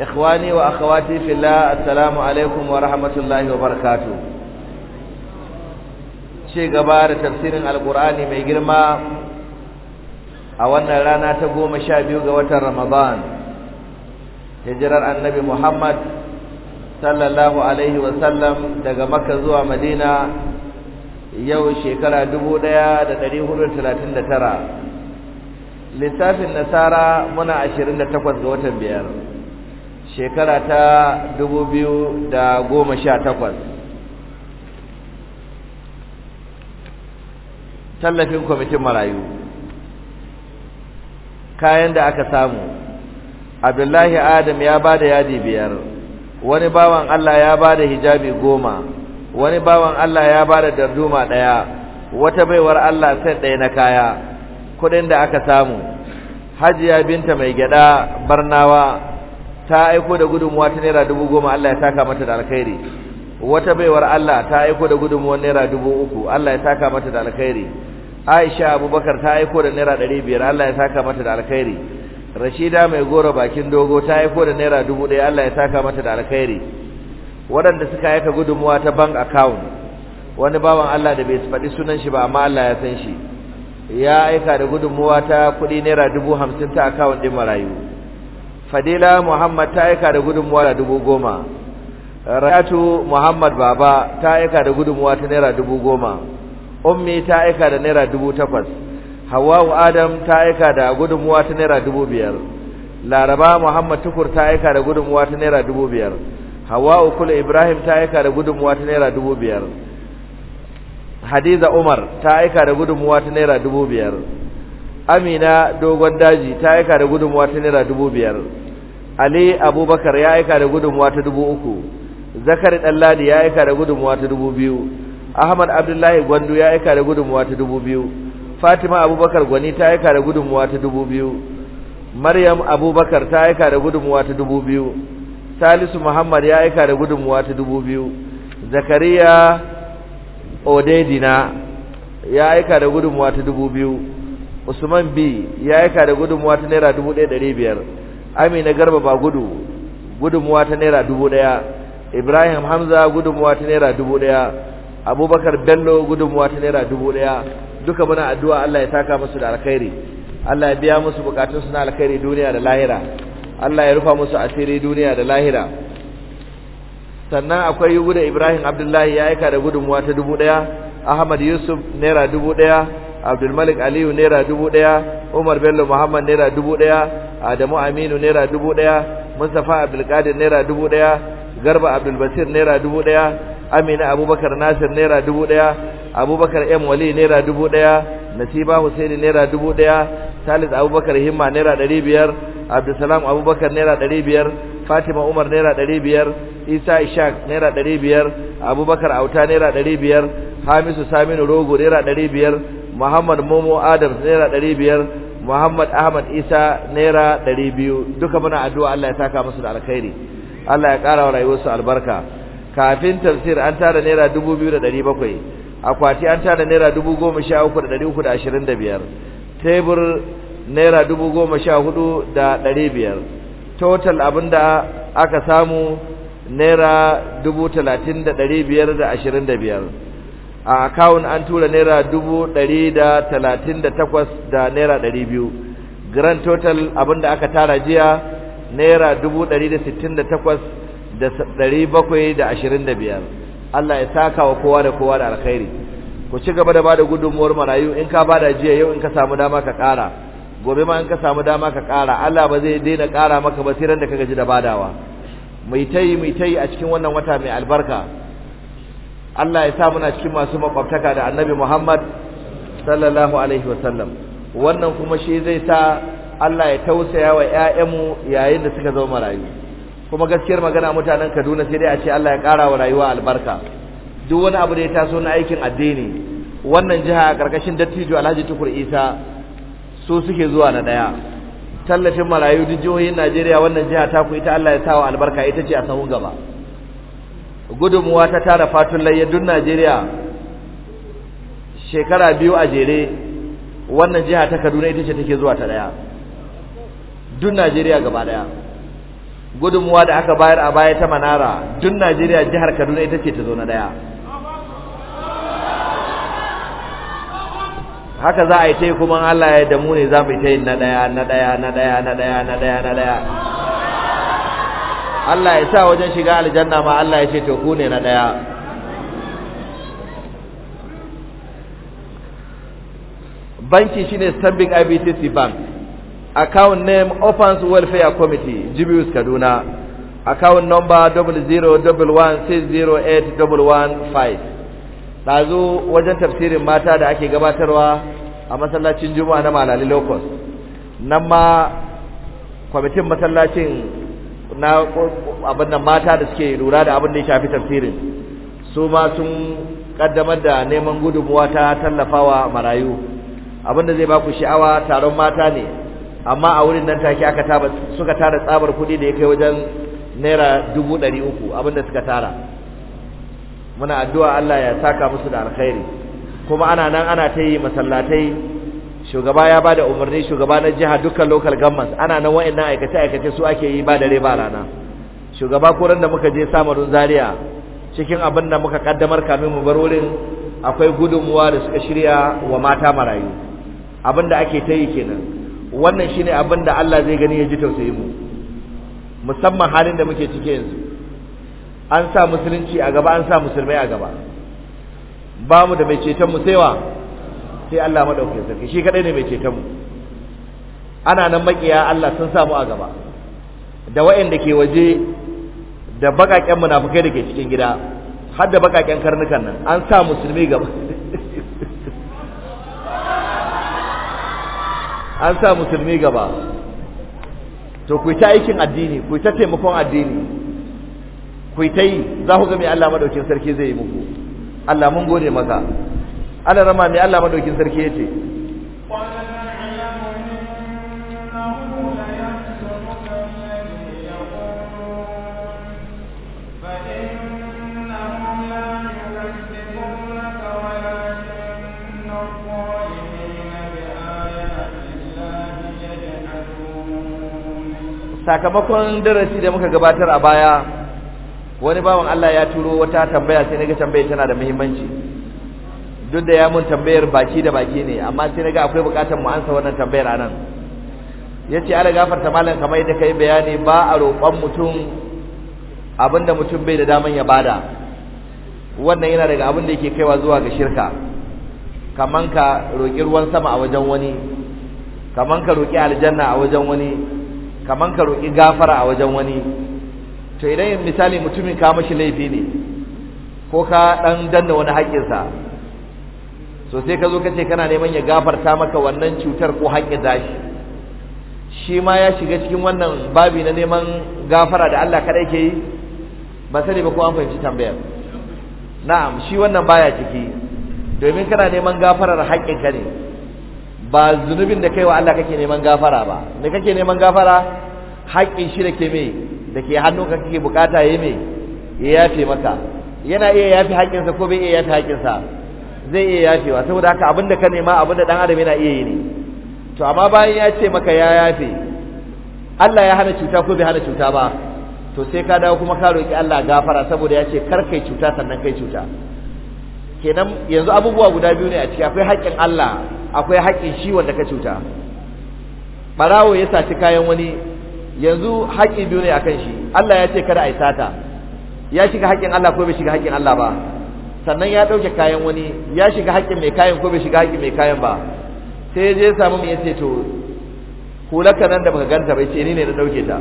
ikhwani wa akhawati fillah assalamu alaikum wa rahmatullahi wa barakatuh ce gaba da tafsirin alqur'ani mai girma a wannan rana ta goma sha biyu ga watan ramadan hijirar annabi muhammad sallallahu alaihi wa sallam daga makka zuwa madina yau shekara dubu ɗaya da da ɗari talatin tara. lissafin nasara muna ashirin da takwas ga watan biyar shekara ta dubu biyu da goma sha takwas tallafin kwamitin marayu kayan da aka samu abdullahi adam ya ba da yadi biyar wani bawan allah ya ba da hijabi goma wani bawan allah ya ba da darduma ɗaya wata baiwar allah sai ɗaya na kaya kudin da aka samu hajiya binta mai gyada barnawa ta aiko da gudunmuwa ta naira dubu goma Allah ya taka mata da alkhairi wata baiwar Allah ta aiko da gudunmuwa naira dubu uku Allah ya taka mata da alkhairi Aisha Abubakar ta aiko da naira ɗari biyar Allah ya taka mata da alkhairi Rashida mai goro bakin dogo ta aiko da naira dubu ɗaya Allah ya taka mata da alkhairi waɗanda suka aika gudunmuwa ta bank account wani bawan Allah da bai faɗi sunan shi ba amma Allah ya san shi ya aika da gudunmuwa ta kuɗi naira dubu hamsin ta account ɗin marayu fadila muhammad ta aika da gudunmuwa da dubu goma rayatu muhammad baba ta aika da gudunmuwa ta naira dubu goma ummi ta aika da naira dubu takwas hawawu adam ta aika da gudunmuwa ta naira dubu biyar laraba muhammad tukur ta aika da gudunmuwa ta naira dubu biyar hawa'u kula ibrahim ta aika da gudunmuwa ta naira dubu biyar hadiza umar ta aika da gudunmuwa ta naira dubu biyar amina dogon daji ta aika da gudunmuwa ta naira dubu biyar ali abubakar ya aika da gudunmuwa ta dubu uku zakari ɗanladi ya aika da gudunmuwa ta dubu biyu ahmad abdullahi gwandu ya aika da gudunmuwa ta dubu biyu fatima abubakar gwani ta aika da gudunmuwa ta dubu biyu maryam abubakar ta aika da gudunmuwa ta dubu biyu salisu muhammad ya aika da gudunmuwa ta dubu biyu zakariya odedina ya aika da gudunmuwa ta dubu biyu usman b ya aika da gudunmuwa ta naira dubu ɗaya ɗari biyar amina garba ba gudu gudunmuwa ta naira dubu ɗaya ibrahim hamza gudunmuwa ta naira dubu ɗaya abubakar bello gudunmuwa ta naira dubu ɗaya duka muna addu'a allah ya saka musu da alkhairi allah ya biya musu bukatunsu na alkhairi duniya da lahira allah ya rufa musu asiri duniya da lahira sannan akwai yugo da ibrahim abdullahi ya aika da gudunmuwa ta dubu ɗaya ahmad yusuf naira dubu ɗaya abdulmalik aliyu naira dubu ɗaya umar bello muhammad naira dubu ɗaya adamu aminu naira dubu ɗaya mustapha abdulkadir naira dubu ɗaya garba abdulbasir naira dubu ɗaya amina abubakar nasir naira dubu ɗaya abubakar m wali naira dubu ɗaya nasiba husaini naira dubu ɗaya salis abubakar himma naira ɗari biyar abdulsalam abubakar naira ɗari biyar fatima umar naira ɗari biyar isa ishaq naira ɗari biyar abubakar auta naira ɗari biyar hamisu saminu rogo naira ɗari biyar Muhammad Momo Adam naira ɗari biyar Muhammad Ahmad Isa naira ɗari biyu duka muna addu'a Allah ya saka musu da alkhairi Allah ya ƙara wa rayuwarsu albarka kafin tafsir an tara naira dubu biyu da ɗari bakwai akwati an tara naira dubu goma sha uku da ɗari uku da ashirin da biyar tebur naira dubu goma sha hudu da ɗari biyar total abin da aka samu naira dubu talatin da ɗari biyar da ashirin da biyar a akawun an tura naira dubu ɗari da talatin da takwas da naira ɗari biyu grand total abinda aka tara jiya naira dubu ɗari da sittin da takwas da ɗari bakwai da ashirin da biyar Allah ya saka wa kowa da kowa da alkhairi ku ci gaba da bada gudunmuwar marayu in ka bada jiya yau in ka samu dama ka ƙara gobe ma in ka samu dama ka ƙara Allah ba zai daina ƙara maka ba sai da ka gaji da badawa mai tayi mai tayi a cikin wannan wata mai albarka Allah ya sa muna cikin masu makwabtaka da annabi Muhammad sallallahu alaihi wasallam wannan kuma shi zai sa Allah ya tausaya wa ƴaƴanmu yayin da suka zama marayu kuma gaskiyar magana mutanen Kaduna sai dai a ce Allah ya ƙara wa rayuwa albarka duk wani abu da ya taso na aikin addini wannan jiha a ƙarƙashin dattijo Alhaji Tukur Isa su suke zuwa na daya tallafin marayu duk jihohin Najeriya wannan jiha ta ku ita Allah ya sa wa albarka ita ce a sahun gaba gudunmuwa ta tara fatun layyadun Najeriya shekara biyu a jere wannan jiha ta Kaduna ita ce take zuwa ta daya dun Najeriya gaba daya gudunmuwa da aka bayar a baya ta Manara dun Najeriya jihar Kaduna ita ce ta zo na daya haka za a yi ta yi kuma Allah ya yi da mu ne za mu yi ta yin na daya na daya na daya na daya na daya na daya Allah ya sa wajen shiga aljanna ma Allah ya ce to ku ne na daya banki shine Stanbic IBTC Bank account name Opens Welfare Committee Jibius Kaduna account number 0016081115 dazu wajen tafsirin mata da ake gabatarwa a masallacin Juma'a na Malali Locust nan ma kwamitin masallacin na abin nan mata da suke lura da abin da ya shafi tafsirin su ma sun kaddamar da neman gudunmuwa ta tallafawa marayu abin da zai ba ku sha'awa taron mata ne amma a wurin nan take aka taba suka tara tsabar kuɗi da ya kai wajen naira dubu ɗari uku abin da suka tara muna addu'a Allah ya saka musu da alkhairi kuma ana nan ana ta yi masallatai shugaba ya bada umarni shugaba na jiha dukkan local governments ana nan wa'annan aikace aikace su ake yi ba dare ba rana shugaba ko da muka je samarin zaria cikin abin da muka kaddamar kamin mu bar wurin akwai gudunmuwa da suka shirya wa mata marayu abin da ake ta yi kenan wannan shine abin da Allah zai gani ya ji tausayi mu musamman halin da muke ciki yanzu an sa musulunci a gaba an sa musulmai a gaba ba mu da mai ceton mu saiwa sai Allah madaukakin sarki shi kadai ne mai ceton mu ana nan makiya Allah sun samu a gaba da wayanda ke waje da bakaken munafikai da ke cikin gida har da bakaken karnukan nan an sa musulmi gaba an sa musulmi gaba to ku ta aikin addini ku ta taimakon addini ku ta yi za ku ga mai Allah madaukakin sarki zai yi muku Allah mun gode maka ana rama mai Allah madaukin sarki yace sakamakon darasi da muka gabatar a baya wani bawan Allah ya turo wata tambaya sai na naga tambayar tana da muhimmanci duk da ya mun tambayar baki da baki ne amma sai na naga akwai bukatar mu ansa wannan tambayar anan yace ala gafarta malam kamar yadda kai bayani ba a roƙon mutum abinda mutum bai da daman ya bada wannan yana daga abin da yake kaiwa zuwa ga shirka kaman ka roƙi ruwan sama a wajen wani kaman ka roƙi aljanna a wajen wani kaman ka roƙi gafara a wajen wani to idan misali mutumin ka mashi laifi ne ko ka dan danna wani haƙƙinsa so sai ka zo ka ce kana neman ya gafarta maka wannan cutar ko haƙƙi zashi shi ma ya shiga cikin wannan babi na neman gafara da Allah kadai ke yi ba sani ba ko an fahimci tambayar na'am shi wannan baya ciki domin kana neman gafarar haƙƙin ka ne ba zunubin da kai wa Allah kake neman gafara ba me kake neman gafara haƙƙin shi da ke me da ke hannu ka kake bukata yi me ya yafe maka yana iya yafe haƙƙinsa ko bai iya yafe haƙƙinsa zai iya yafewa saboda haka abinda ka nema abinda dan adam yana iya yi ne to amma bayan ya ce maka ya yafe Allah ya hana cuta ko bai hana cuta ba to sai ka dawo kuma ka roki Allah gafara saboda ya ce kar kai cuta sannan kai cuta kenan yanzu abubuwa guda biyu ne a ciki akwai haƙƙin Allah akwai haƙƙin shi wanda ka cuta barawo ya saci kayan wani yanzu haƙƙi biyu ne akan shi Allah ya ce kada a yi sata ya shiga haƙƙin Allah ko bai shiga haƙƙin Allah ba sannan ya ɗauke kayan wani ya shiga haƙƙin mai kayan ko bai shiga haƙƙin mai kayan ba sai ya je ya samu mai yace to hulaka nan da baka ganta bai ce ni ne na ɗauke ta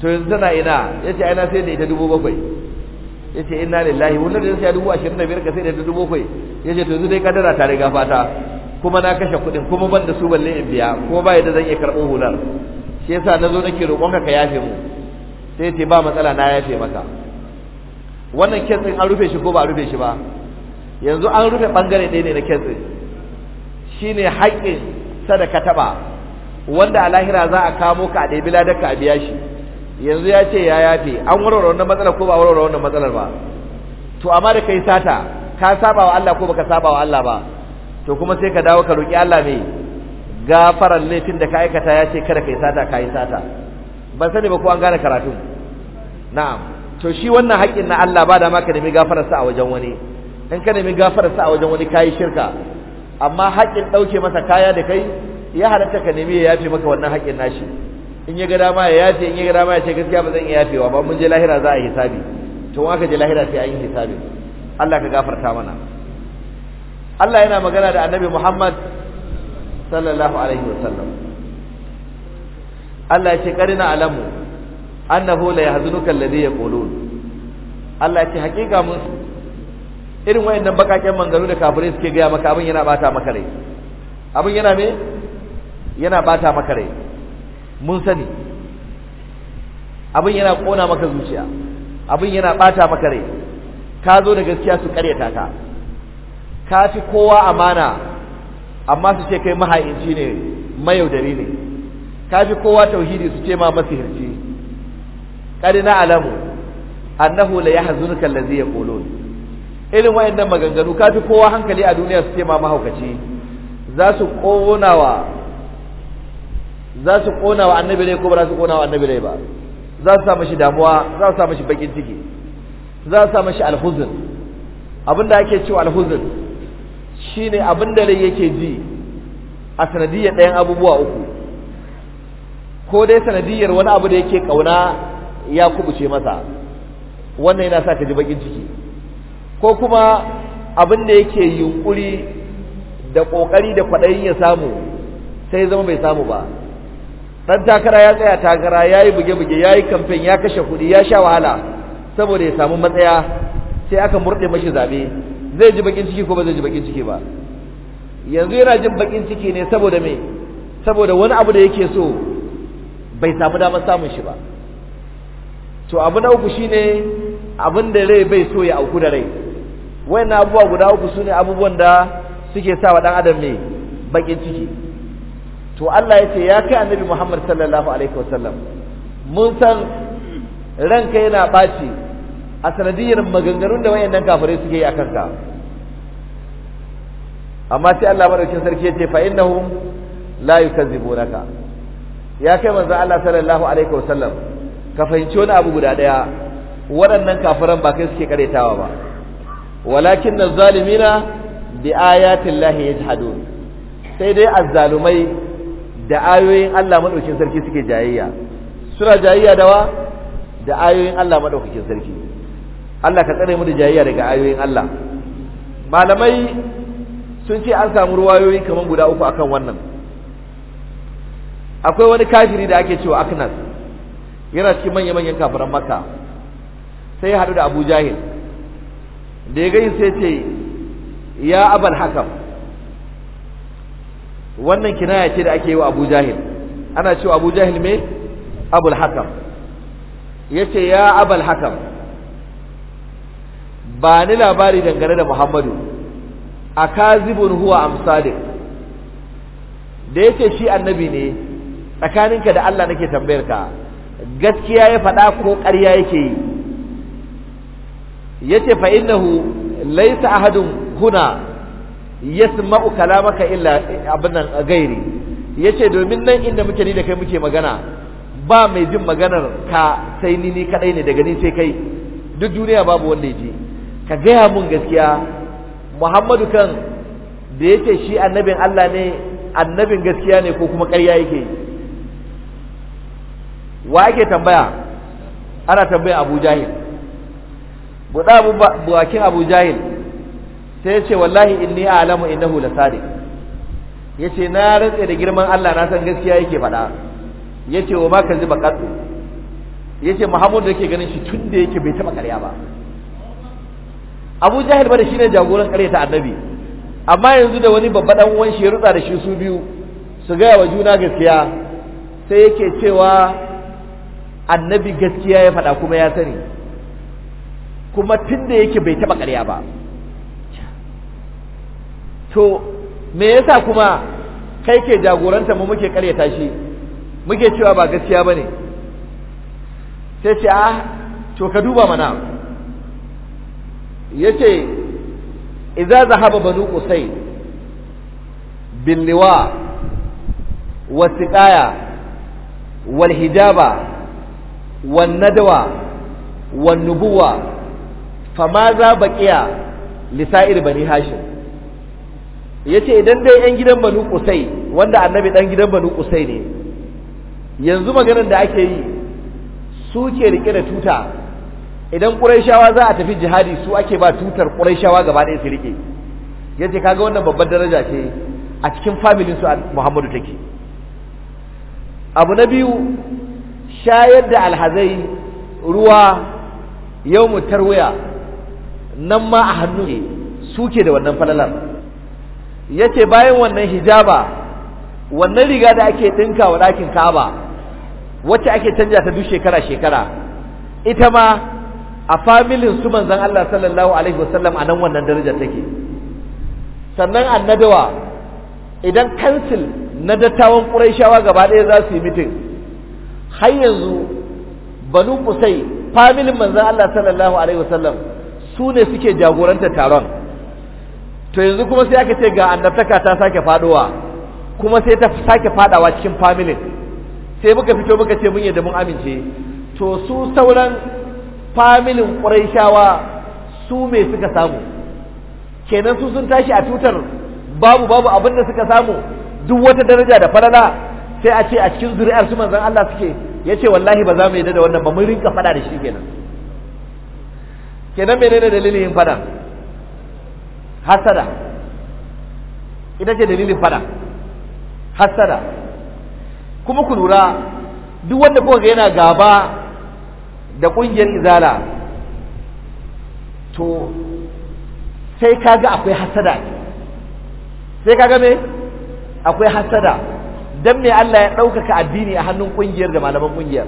to yanzu tana ina yace ce aina sai da ita dubu bakwai yace inna lillahi wannan da ya sai dubu ashirin da biyar ka sai da ita dubu bakwai yace to yanzu dai kadara ta riga fata kuma na kashe kuɗin kuma ban da su balle in biya kuma ba yadda zan iya karɓo hular shi yasa na zo nake roƙonka ka yafe mu sai ce ba matsala na yafe maka wannan kes din an rufe shi ko ba rufe shi ba yanzu an rufe bangare ɗaya ne na kes din shine haƙƙin sadaka taɓa wanda a lahira za a kamo ka a bila ladarka a biya shi yanzu ya ce ya yafe an warware wannan matsalar ko ba warware wannan matsalar ba to amma da kai sata ka saba wa Allah ko baka saba wa Allah ba to kuma sai ka dawo ka roki Allah ne. gafaran laifin da ka aikata ya ce kada kai sata kai sata ban sani ba ko an gane karatu na'am to shi wannan haƙƙin na Allah ba da ma ka nemi gafararsa a wajen wani in ka nemi gafararsa a wajen wani kayi shirka amma haƙƙin ɗauke masa kaya da kai ya halatta ka nemi ya yafe maka wannan haƙƙin nashi in ya ga dama ya yafe in ya ga dama ya ce gaskiya ba zan iya yafewa ba mun je lahira za a yi hisabi to aka je lahira sai an yi hisabi Allah ka gafarta mana Allah yana magana da Annabi Muhammad sallallahu alaihi wasallam Allah ya ce karina alamu annahu la yahzunuka alladhi yaqulun Allah ce hakika mun irin wayannan bakaken mangaru da kafirai suke gaya maka abin yana bata maka rai abin yana me yana bata maka rai mun sani abin yana kona maka zuciya abin yana bata maka rai ka zo da gaskiya su karyata ka ka fi kowa amana amma su ce kai maha'inci ne mayaudari ne ka fi kowa tauhidi su ce ma masihirci qad na'lamu annahu la yahzunuka allazi yaqulun irin wayannan maganganu kafi kowa hankali a duniya su ce ma mahaukaci za su konawa za su konawa annabi rai ko ba za su konawa annabi rai ba za su sa mashi damuwa za su sa shi bakin ciki za su sa shi alhuzun abinda ake cewa alhuzun shine abinda rai yake ji a sanadiyar ɗayan abubuwa uku ko dai sanadiyar wani abu da yake kauna ya kubuce masa wannan yana sa ka ji bakin ciki ko kuma abin da yake yunkuri da kokari da kwaɗayin ya samu sai zama bai samu ba Ɗan takara ya tsaya takara ya yi buge-buge ya yi kamfen ya kashe kuɗi ya sha wahala saboda ya samu matsaya sai aka murɗe mashi zaɓe zai ji bakin ciki ko ba zai ji bakin ciki ba yanzu yana jin bakin ciki ne saboda me saboda wani abu da yake so bai samu damar samun shi ba to abu na uku shine abin da rai bai so ya auku da rai wai na abubuwa guda uku sune abubuwan da suke sa wa dan adam ne bakin ciki to Allah ya ce ya kai annabi Muhammad sallallahu alaihi wasallam mun san ranka yana baci a sanadiyar maganganun da wayannan kafirai suke yi akan ka amma sai Allah madaukin sarki ya ce fa innahum la yukazzibunaka ya kai manzo Allah sallallahu alaihi wasallam ka fahimci wani abu guda daya waɗannan kafiran ba kai suke karetawa ba walakin na zalimina bi ayatin lahi yajhadun sai dai azzalumai da ayoyin Allah maɗaukin sarki suke jayayya suna jayayya dawa da ayoyin Allah maɗaukin sarki Allah ka tsare mu da jayayya daga ayoyin Allah malamai sun ce an samu ruwayoyi kaman guda uku akan wannan akwai wani kafiri da ake cewa aknas yana cikin manya manyan kafiran makka sai ya haɗu da abu jahil da ya gani sai ce ya abal hakam wannan kinaya ce da ake yi wa abu jahil ana cewa abu jahil me abul hakam ya ce ya abal hakam ba ni labari dangane da muhammadu a kazibin huwa amsalin da ya ce shi annabi ne tsakaninka da allah nake tambayar ka gaskiya ya faɗa ko ƙarya yake yi yace fa innahu laysa ahadun huna yasma'u kalamaka illa a gairi yace domin nan inda muke ni da kai muke magana ba mai jin maganar ka sai ni ni kadai ne daga ni sai kai duk duniya babu wanda ya ji ka gaya mun gaskiya muhammadu kan da yace shi annabin Allah ne annabin gaskiya ne ko kuma ƙarya yake yi wa yake tambaya ana tambaya abu jahil Abu bakin abu jahil sai ya ce wallahi inni a'lamu innahu lasadiq yace na rantse da girman Allah na san gaskiya yake faɗa yace wa ma zuba kaddu yace Muhammad da yake ganin shi tun da yake bai taba ƙarya ba Abu Jahil bada shine jagoran ƙarya ta Annabi amma yanzu da wani babba dan uwan shi ya rutsa da shi su biyu su ga wa juna gaskiya sai yake cewa annabi gaskiya ya faɗa kuma ya sani kuma tun da yake bai taɓa ƙarya ba to me yasa kuma kai ke jagoranta mu muke ƙaryata shi muke cewa ba gaskiya ba ne sai ce a ah, to ka duba mana ya ce za zahaba banu qusay bil liwa wa walhijaba. hijaba والندوة والنبوة فماذا بقي لسائر بني هاشم yace idan dai yan gidan Banu kusai wanda annabi ɗan gidan Banu kusai ne yanzu maganar da ake yi su ke rike da tuta idan ƙuraishawa za a tafi jihadi su ake ba tutar Qurayshawa gaba ɗaya su rike yace kaga wannan babbar daraja ce a cikin familin su Muhammadu take abu na biyu shayar da alhazai ruwa yau mu tarwaya nan ma a hannu ne suke da wannan falalar ya ce bayan wannan hijaba wannan riga da ake ɗinka wa ɗakin kaba wacce ake canja ta duk shekara-shekara ita ma a familin su manzan Allah sallallahu alaihi wasallam a nan wannan darajar take sannan annadawa idan kansil na dattawan ƙuraishawa gaba ɗaya za su yi mitin har yanzu banu kusai familin manzan Allah sallallahu alaihi wasallam su ne suke jagoranta taron to yanzu kuma sai aka ce ga annabtaka ta sake faduwa kuma sai ta sake fadawa cikin familin sai muka fito muka ce mun yadda mun amince to su sauran familin ƙuraishawa su mai suka samu kenan su sun tashi a tutar babu babu abin da suka samu duk wata daraja da falala sai a ce a cikin zuri'ar su manzan Allah suke ce wallahi ba za mu yadda da wannan ba mun rinka fada da shi kenan kenan menene dalilin yin fada hasada ita ce dalilin fada hasada kuma ku lura duk wanda kuka yana gaba da kungiyar izala to sai kaga akwai hasada sai kaga me akwai hasada dan me Allah ya ɗaukaka addini a hannun ƙungiyar da malaman ƙungiyar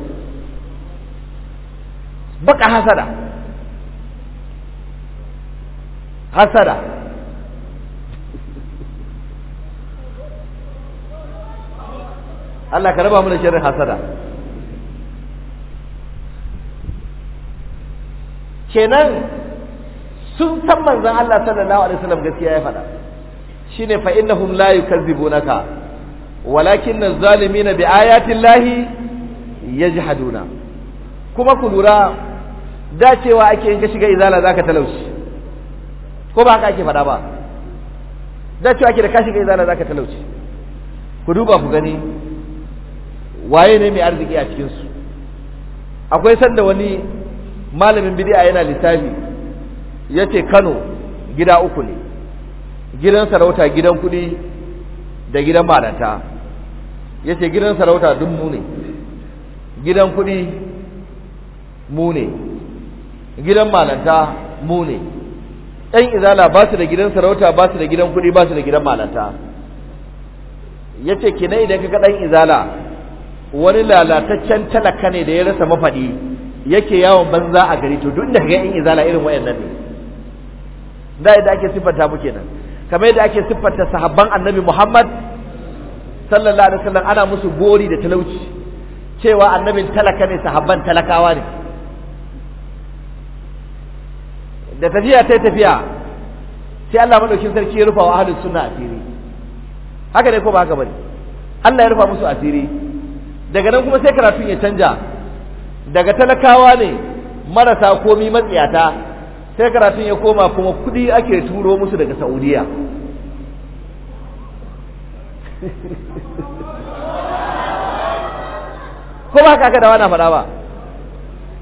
baka hasada hasada Allah ka raba mu da shirin hasada kenan sun san manzon Allah sallallahu alaihi wasallam gaskiya ya faɗa shine fa innahum la yukazzibunaka walakin az-zalimina bi ayatin lahi yajhaduna kuma ku lura da cewa ake in ka shiga izala zaka talauci ko ba haka ake faɗa ba da cewa ake da ka shiga izala zaka talauci ku duba ku gani waye ne mai arziki a cikin su akwai sanda wani malamin bid'a yana lissafi yace Kano gida uku ne gidan sarauta gidan kudi da gidan malanta ya ce gidan sarauta duk mu ne gidan kuɗi mu ne gidan malanta mu ne ɗan izala ba su da gidan sarauta ba su da gidan kuɗi ba su da gidan malanta ya ce kina idan ka ɗan izala wani lalataccen talaka ne da ya rasa mafaɗi yake yawon banza a gari to duk da ga ɗan izala irin wayannan ne da yadda ake siffanta mu kenan kamar yadda ake siffanta sahabban annabi muhammad sallallahu alaihi wasallam ana musu gori da talauci cewa annabin talaka ne sahabban talakawa ne da tafiya ta tafiya sai Allah madaukin sarki ya rufa wa ahlus sunna asiri haka ne ko ba haka bane Allah ya rufa musu asiri daga nan kuma sai karatun ya canja daga talakawa ne marasa komi matsiyata sai karatun ya koma kuma kudi ake turo musu daga Saudiya ko ba ka da wani faɗa ba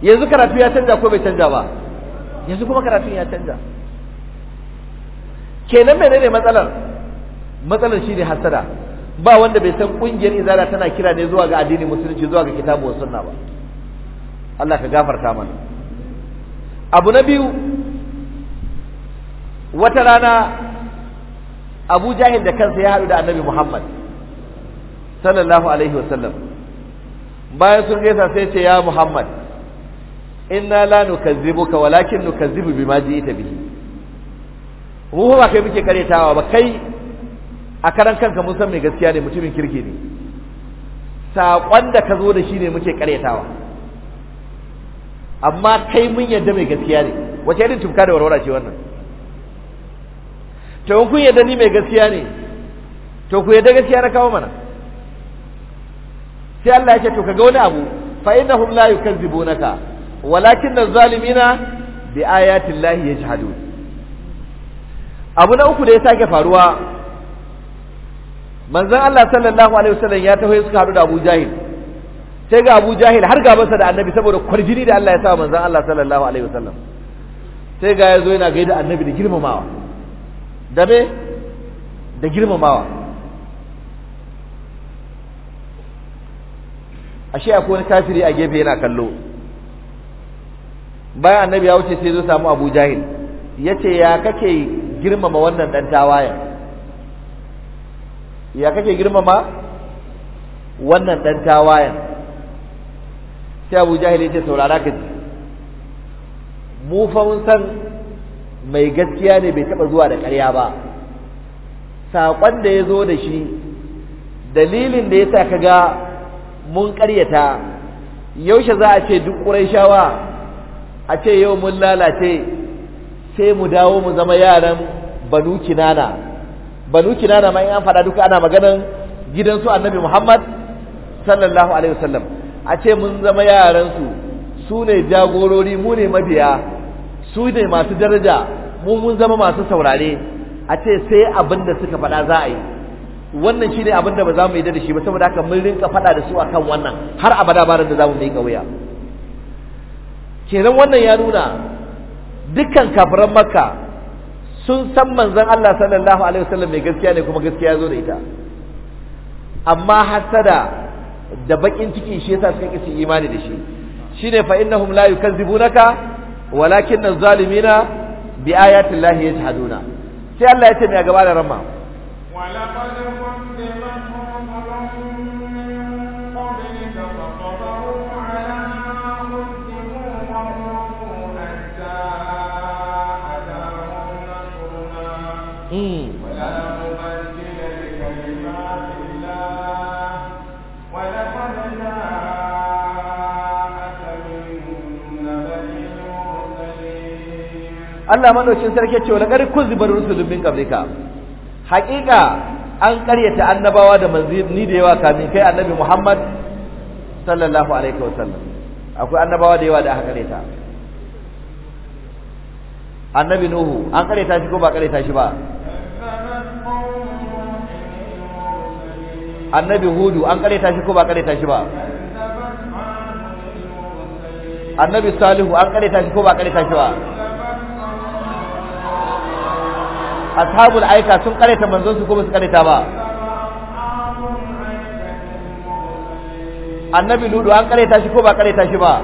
yanzu karatu ya canja ko bai canja ba yanzu kuma karatun ya canja kenan ne matsalar matsalar shi ne hasada ba wanda bai san ƙungiyar izara tana kira ne zuwa ga addini musulunci zuwa ga kitabu wa sunna ba Allah ka gafarta mana abu na biyu wata rana abu jahil da kansa ya haɗu da annabi muhammad sallallahu alaihi wasallam bayan sun gaisa sai ce ya muhammad inna la nukazzibuka walakin nukazzibu bima ji'ita bihi mu ba kai muke karetawa ba kai a karan kanka mun san mai gaskiya ne mutumin kirki ne saƙon da ka zo da shi ne muke karetawa amma kai mun yadda mai gaskiya ne wace irin tumka da warwara ce wannan to kun yadda ni mai gaskiya ne to ku yadda gaskiya na kawo mana sai Allah yake to kaga wani abu fa innahum la yukazzibunaka walakin az-zalimina bi ayati llahi yajhadun abu na uku da ya sake faruwa manzon Allah sallallahu alaihi wasallam ya tafi suka hadu da Abu Jahil sai ga Abu Jahil har gabansa da Annabi saboda kwarjini da Allah ya sa manzon Allah sallallahu alaihi wasallam sai ga yazo yana gaida Annabi da girmamawa da me da girmamawa ashe akwai wani kafiri a gefe yana kallo bayan annabi ya wuce sai zo samu Abu Jahil yace ya kake girmama wannan dan tawayen ya kake girmama wannan dan tawayen sai Abu Jahil yace saurara ka ji mu fa mun san mai gaskiya ne bai taɓa zuwa da ƙarya ba saƙon da ya zo da shi dalilin da ya sa ka ga mun ƙaryata yaushe za a ce duk ƙuraishawa a ce yau mun lalace sai mu dawo mu zama yaran banu kinana banu kinana ma in an faɗa duka ana maganan gidansu annabi muhammad sallallahu alaihi wasallam a ce mun zama yaransu su ne jagorori mu ne mabiya su ne masu daraja mu mun zama masu saurare a ce sai abin da suka faɗa za a yi wannan shi ne abin da ba za mu yi da shi ba saboda haka mun rinka faɗa da su a kan wannan har abada ba da za mu mai ƙauya kenan wannan ya nuna dukkan kafiran makka sun san manzon Allah sallallahu alaihi wasallam mai gaskiya ne kuma gaskiya zo da ita amma hasada da bakin ciki shi yasa suka kici imani da shi shine fa innahum la yukazzibunaka walakin nan zalimina bi ayatin lahi ya jihaduna sai Allah ya ce mai gaba da rama Mm. Allah madaukin sarki ce wala kun zubar rusulun min qablika haqiqa an karyata annabawa da ni da yawa kamin kai annabi Muhammad sallallahu alaihi wasallam akwai annabawa da yawa da aka karyata annabi Nuhu an karyata shi ko ba karyata shi ba annabi Hudu an karyata shi ko ba karyata shi ba annabi Salihu an karyata shi ko ba karyata shi ba ashabul aika sun kareta manzon su ko ba su kareta ba annabi ludu an kareta shi ko ba kareta shi ba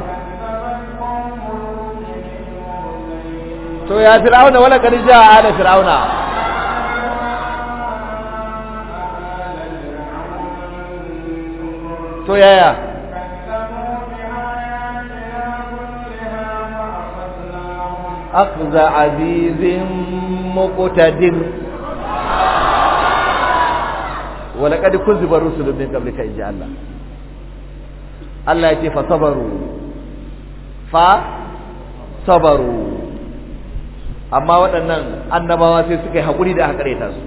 to ya fir'auna wala kad ala fir'auna to yaya أخذ عزيز muqtadin wa laqad kuzziba rusulun min qablika inji Allah Allah ya ce fa sabaru fa sabaru amma waɗannan annabawa sai suka yi haƙuri da aka ƙareta su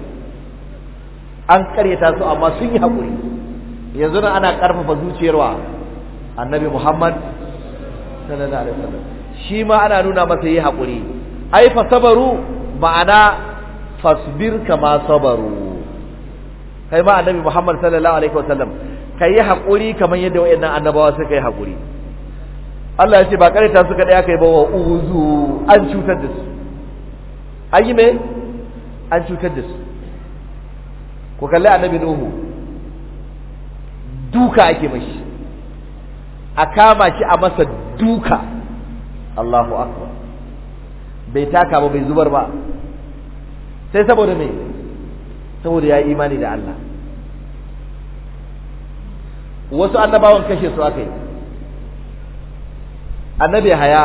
an ƙareta su amma sun yi haƙuri yanzu nan ana ƙarfafa zuciyarwa annabi Muhammad sallallahu alaihi wasallam shi ma ana nuna masa yi haƙuri ai fa sabaru ma'ana fasbir kama sabaru kai ma annabi Muhammad sallallahu alaihi wa sallam kai yi hakuri kamar yadda wayannan annabawa suka yi hakuri Allah ya ce ba karanta suka daya kai ba wa uzu an cutar da su an yi me an cutar da su ku kalli annabi Nuhu duka ake mashi a kama shi a masa duka Allahu akbar bai taka ba bai zubar ba sai saboda me saboda ya yi imani da Allah wasu annabawan kashe su aka yi annabi haya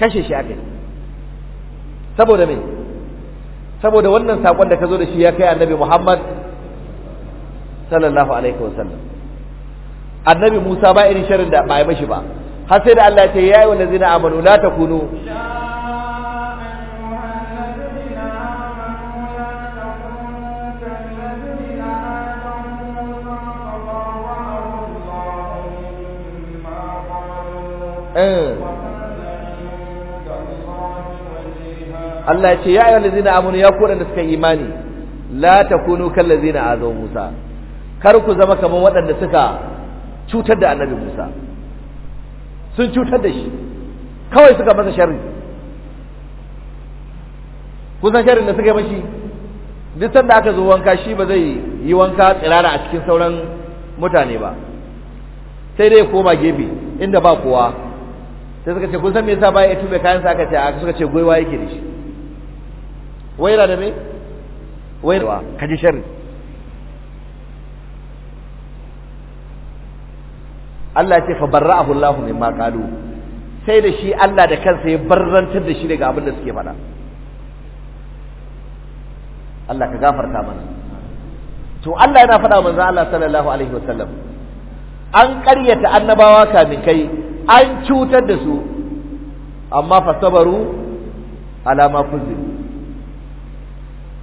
kashe shi aka yi saboda me saboda wannan sakon da ka zo da shi ya kai annabi Muhammad sallallahu alaihi wasallam annabi Musa ba irin shirin da ba ya mashi ba har sai da Allah ya ce ya yi wa lazina amanu la takunu Eh. Allah ya ce ya ayyuhal ladina amanu ya ku da suka imani la takunu kal ladina azaw Musa kar ku zama kaman waɗanda suka cutar da annabi Musa sun cutar da shi kawai suka masa sharri ku san sharri da suka yi mashi duk sanda aka zo wanka shi ba zai yi wanka tsirara a cikin sauran mutane ba sai dai koma gefe inda ba kowa sai suka ce kusan me yasa baya tube kayan sa aka ce a suka ce goiwa yake da shi waira da me waira ji sharri Allah ce fa barra'ahu Allah mimma qalu sai da shi Allah da kansa ya barrantar da shi daga abin da suke faɗa Allah ka gafarta mana to Allah yana faɗa manzo Allah sallallahu alaihi wasallam an ƙaryata annabawa kamin kai an cutar da su amma ala alama kuzibu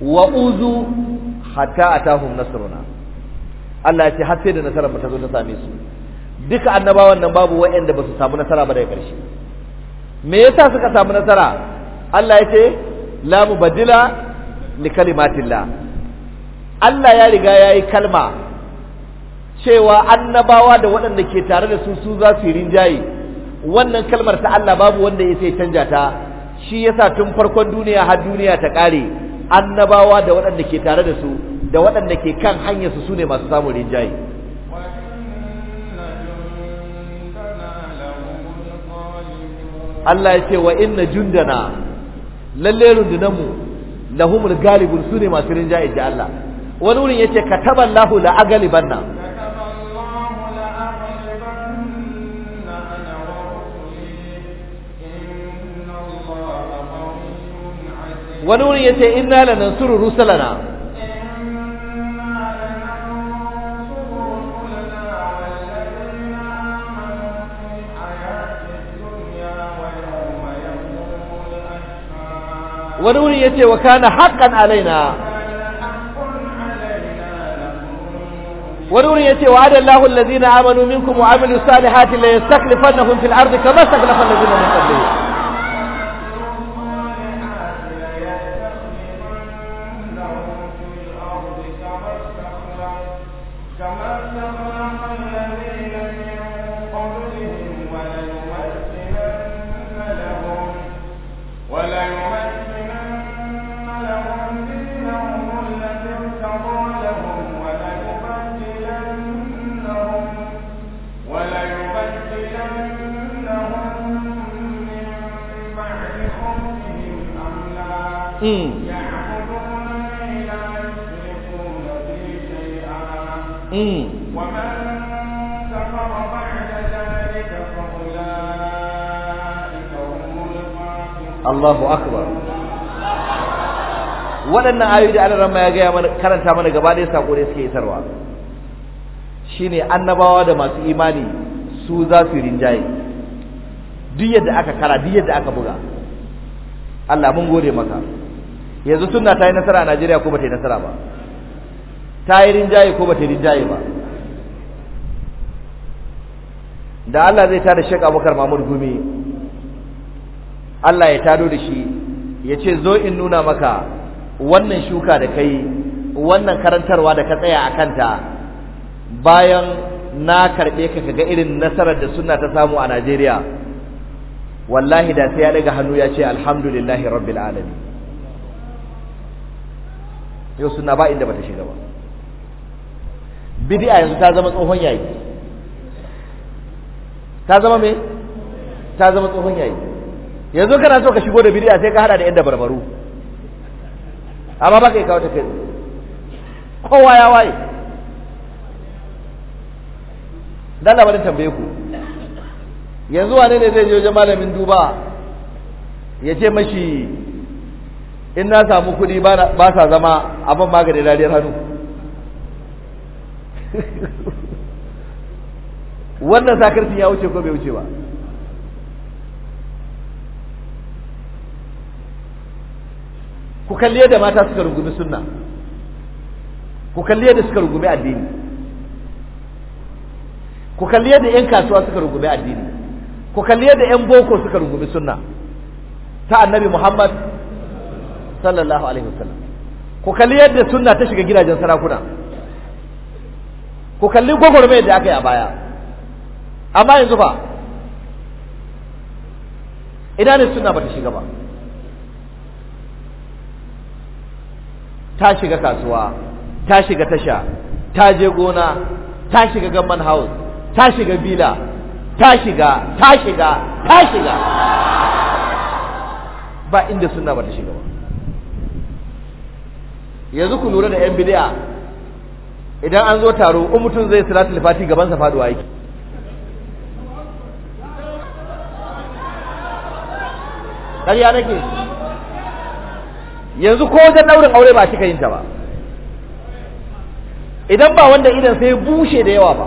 wa uzu hatta atahum nasruna Allah ya ce har sai da nasarar ta zo ta same su duka annabawan nan babu waɗanda ba su samu nasara ba daga karshe me yasa suka samu nasara Allah ya ce la mubadila li kalimatillah Allah ya riga ya yi kalma cewa annabawa da waɗanda ke tare da su su za su yi rinjaye wannan kalmar ta Allah babu wanda ya sai canja ta shi yasa tun farkon duniya har duniya ta kare annabawa da waɗanda ke tare da su da waɗanda ke kan hanyar su sune masu samun rinjaye Allah ya ce wa inna jundana lalle mu lahumul galibun sune masu rinjaye da Allah wani wurin yace kataballahu la agalibanna wani wuri yace inna lanansuru rusulana wani wuri yace wa kana haqqan alaina wani wuri yace wa adallahu allazina amanu minkum wa amilus salihati la yastaklifannahum fil ardi kama istaklafa allazina min qablihim waɗannan ayoyi da Allah ya gaya mana karanta mana gaba ɗaya sako da suke isarwa shine annabawa da masu imani su za su rinjaye duk yadda aka kara duk yadda aka buga Allah mun gode maka yanzu sunna ta yi nasara a Najeriya ko ba ta yi nasara ba ta yi rinjaye ko ba ta yi rinjaye ba da Allah zai tada Sheikh Abubakar Mahmud Gumi Allah ya tado da shi ya ce zo in nuna maka wannan shuka da kai wannan karantarwa da ka tsaya a kanta bayan na karɓe ka kaga irin nasarar da suna ta samu a Najeriya wallahi da sai ya daga hannu ya ce alhamdulillahi rabbil alamin yau suna ba inda bata shiga ba bid'a yanzu ta zama tsohon yayi ta zama me ta zama tsohon yayi yanzu kana so ka shigo da bid'a sai ka hada da yadda barbaru amma ba ka kawo ta kai kowa ya waye dan labarin tambaye ku yanzu wane ne zai je wajen malamin duba ya ce mashi in na samu kuɗi ba sa zama abin maganin rariyar hannu wannan sakarci ya wuce ko bai wuce ba ku kalli yadda mata suka rungumi sunna ku kalli yadda suka rungumi addini ku kalli yadda 'yan kasuwa suka rungumi addini ku kalli yadda 'yan boko suka rungumi sunna ta annabi muhammad sallallahu alaihi wasallam ku kalli yadda sunna ta shiga gidajen sarakuna ku kalli gwagwarmai da aka yi a baya amma yanzu fa ina ne sunna ba ta shiga ba ta shiga kasuwa ta shiga tasha ta je gona ta shiga gamman house ta shiga bila ta shiga ta shiga ta shiga ba inda suna ba ta shiga ba yanzu ku lura da yan bidiya idan an zo taro in mutum zai sira fati gaban sa faduwa yake ƙarya nake yanzu ko wajen daurin aure ba kika yin ta ba idan ba wanda idan sai bushe da yawa ba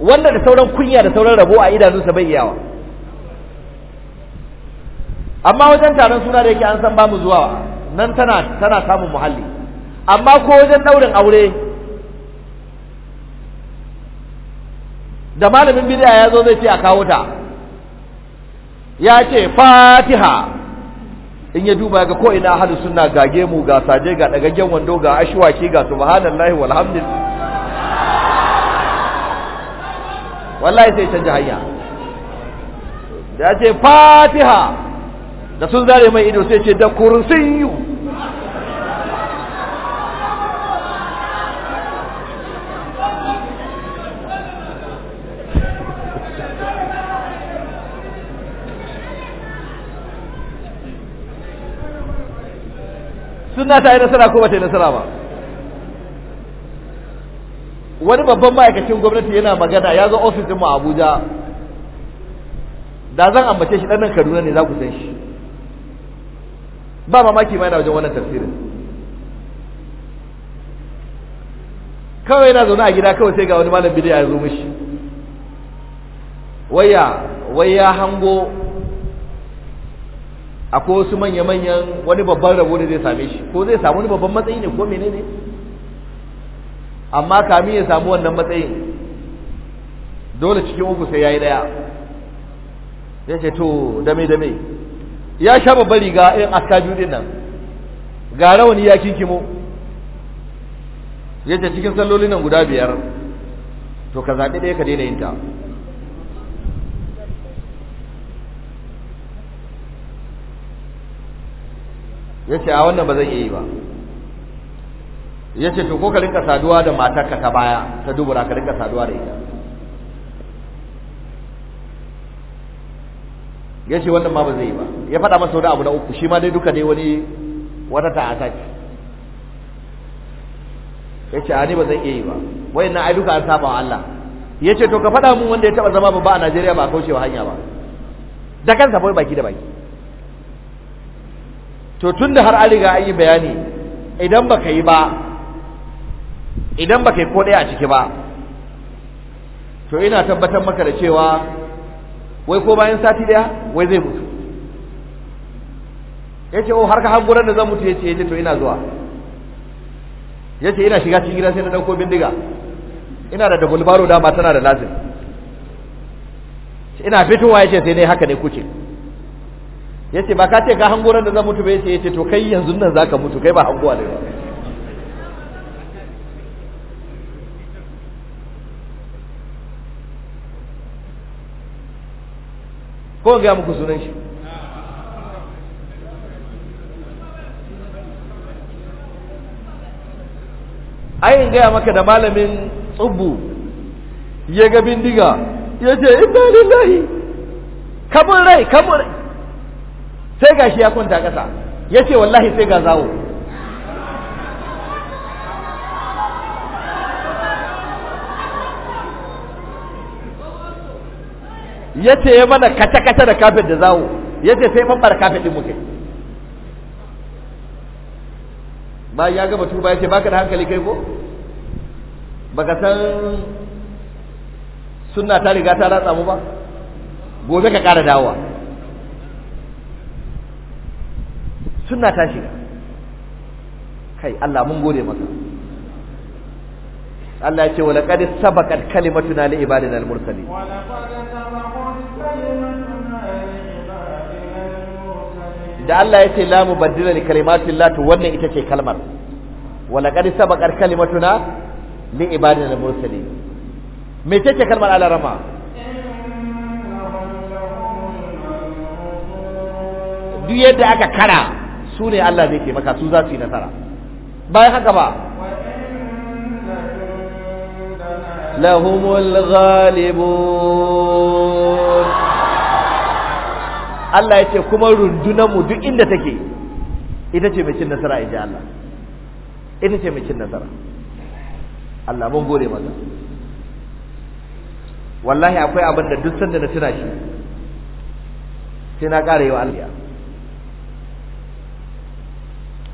wanda da sauran kunya da sauran rabo a idanunsa bai yawa amma wajen taron suna da yake an san bamu zuwa nan tana tana samun muhalli amma ko wajen daurin aure da malamin bid'a ya zo zai ce a kawo ta ya ce fatiha in ya duba ga ko ina ahlus sunna gage mu ga saje ga dagaggen wando ga ashwaki ga subhanallahi walhamdulillah wallahi sai canja hanya da ce fatiha da sun zare mai ido sai ce da kursiyu sunna ta yi nasara ko ba ta yi nasara ba wani babban ma'aikacin gwamnati yana magana ya zo ofis mu Abuja da zan ambace shi ɗannan Kaduna ne za ku san shi ba mamaki ma yana wajen wannan tafsirin kawai yana zaune a gida kawai sai ga wani malam bidiya ya zo mishi waya wai hango akwai wasu manya-manyan wani babban rabo ne zai same shi ko zai samu wani babban matsayi ne ko menene amma kamin ya samu wannan matsayin dole cikin uku sai ya yi daya ya ce to dame dame ya sha babbar riga irin aska din nan ga rawani ya kinkimo ya ce cikin sallolin nan guda biyar to ka zaɓi ɗaya ka daina yin ta ya ce a wannan ba zai iya yi ba ya ce to ko ka rinka saduwa da matarka ta baya ta dubura ka rinka saduwa da ita ya ce wannan ma ba zai yi ba ya faɗa masa wani abu na uku shi ma dai duka dai wani wata ta'ata ce ya ce a ni ba zan iya yi ba wayan na ai duka an saba wa Allah ya ce to ka faɗa mun wanda ya taɓa zama babba a Najeriya ba a kaucewa hanya ba da kansa bai baki da baki to tun da har an riga an yi bayani idan baka yi ba idan baka yi ko a ciki ba to ina tabbatar maka da cewa wai ko bayan sati ɗaya wai zai mutu yace oh har ka hanguran da zan mutu yace yace to ina zuwa yace ina shiga cikin gida sai na dauko bindiga ina da double barrel dama tana da lazim ina fitowa yace sai ne haka ne kuce ya ce ba ka ce ka hango da zan mutu ba ya ce to kai yanzu nan za ka mutu kai ba hangowa ne ba ko ga muku sunan shi ayin gaya maka da malamin tsubu ya ga bindiga ya ce inna lillahi kamun rai kamun rai sai shi ya kwanta ƙasa ya ce wallahi sai ga zawo ya ce ya mana kata-kata da kafin da zawo ya ce sai mambar kafin ɗin muke ba ya gaba tuba ya ce baka da hankali kai ko baka san suna ta riga ta ratsa mu ba gobe ka ƙara dawowa sunna ta shiga kai Allah mun gode maka Allah ya ce wa laqad sabaqat kalimatuna li ibadina al-mursalin li da Allah ya ce la mubaddila li kalimatillah to wannan ita ce kalmar wa laqad sabaqat kalimatuna li ibadina al-mursalin me ce kalmar al-rama duk yadda aka kara su ne Allah zai maka su za su yi nasara bayan haka ba lahumul ghalibun Allah ya ce kuma rundunanmu mu duk inda take ita ce mai cin nasara ya ji Allah ita ce mai cin nasara Allah mun gode maka wallahi akwai abin da duk sanda na tuna shi sai na ƙara yi wa Allah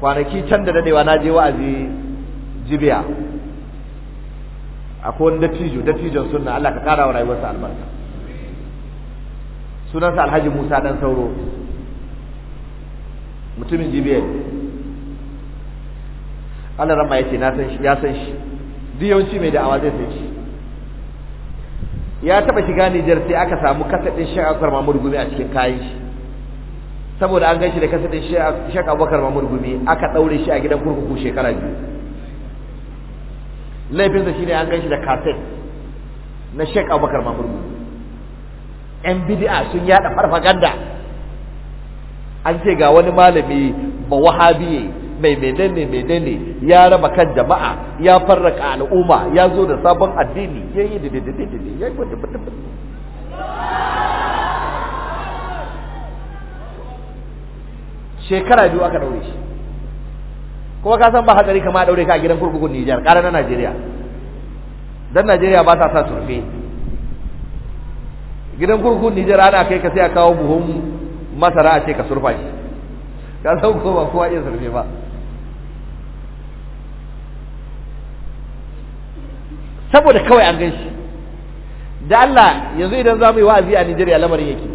kwanaki can da dadewa na je wa'azi jibiya akwai wani dattijo dattijon sunna Allah ka kara wa rayuwarsa albarka sunansa Alhaji Musa dan sauro mutumin jibiya Allah rama ce na san shi ya san shi duk yawanci mai da'awa zai san shi ya taba shiga Nijar sai aka samu kasadin shi a Mamud Gumi a cikin kayan shi saboda an gaishe da kasadin shek abubakar mamur gumi aka ɗaure shi a gidan kurkuku shekara biyu laifinsa ne an gaishe da kaset na shek abubakar mamur gumi yan bidi'a sun yada farfaganda an ce ga wani malami ba wahabiye mai menene menene ya raba kan jama'a ya farraka al'umma ya zo da sabon addini ya yi da ya yi shekara biyu aka daure shi kuma ka san ba hatsari kama a daure ka a gidan kurkukun Nijar ƙara na Najeriya dan Najeriya ba ta sa surfe gidan kurkukun Nijar ana kai ka sai a kawo buhun masara a ce ka surfa shi ka san ko ba kowa iya surfe ba saboda kawai an gan shi da Allah yanzu idan za mu yi wa'azi a Nijar ya lamarin yake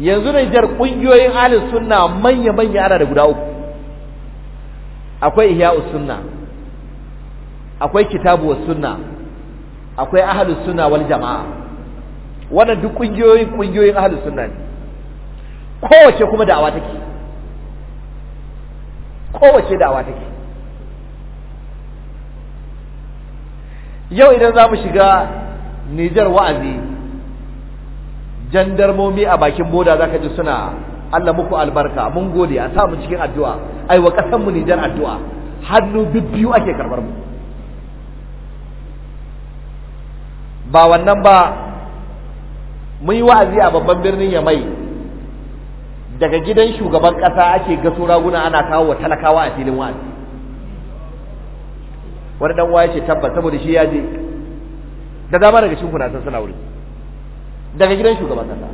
yanzu jar kungiyoyin ahlus sunna manya manya ana da guda uku akwai ihya'us sunna akwai kitabu was sunna akwai ahlus sunna wal jamaa wannan duk kungiyoyin kungiyoyin ahlus sunna ne kowace kuma da'awa take kowace da'awa take yau idan za mu shiga Nijar wa'azi jandarmomi a bakin boda zaka ji suna Allah muku albarka mun gode a samu cikin addu'a ai wa kasan mu Nijar addu'a hannu bibbiyu ake karbar mu ba wannan ba mun yi wa'azi a babban birnin Yamai daga gidan shugaban kasa ake gaso raguna ana kawo wa talakawa a filin wa'azi wani dan waye ce tabbas saboda shi ya je da dama daga cikin kuna san suna wuri daga gidan shugaban kasa